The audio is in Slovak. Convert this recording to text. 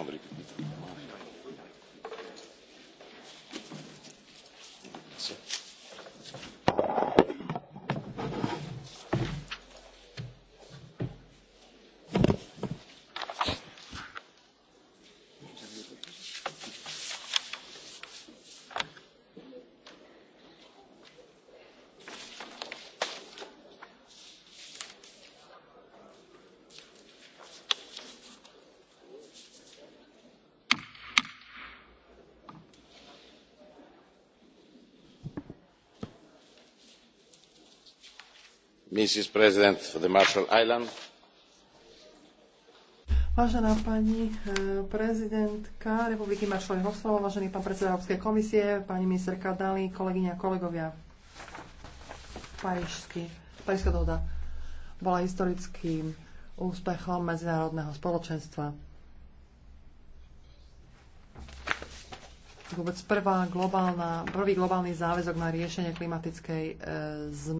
andrej Mrs. President of the Marshall Islands. Vážená pani eh, prezidentka Republiky Maršalových ostrov, vážený pán predseda Európskej komisie, pani ministerka Dali, kolegyňa kolegovia. Parížsky, Parížská dohoda bola historickým úspechom medzinárodného spoločenstva. Vôbec prvá globálna, prvý globálny záväzok na riešenie klimatickej e, eh, zmeny.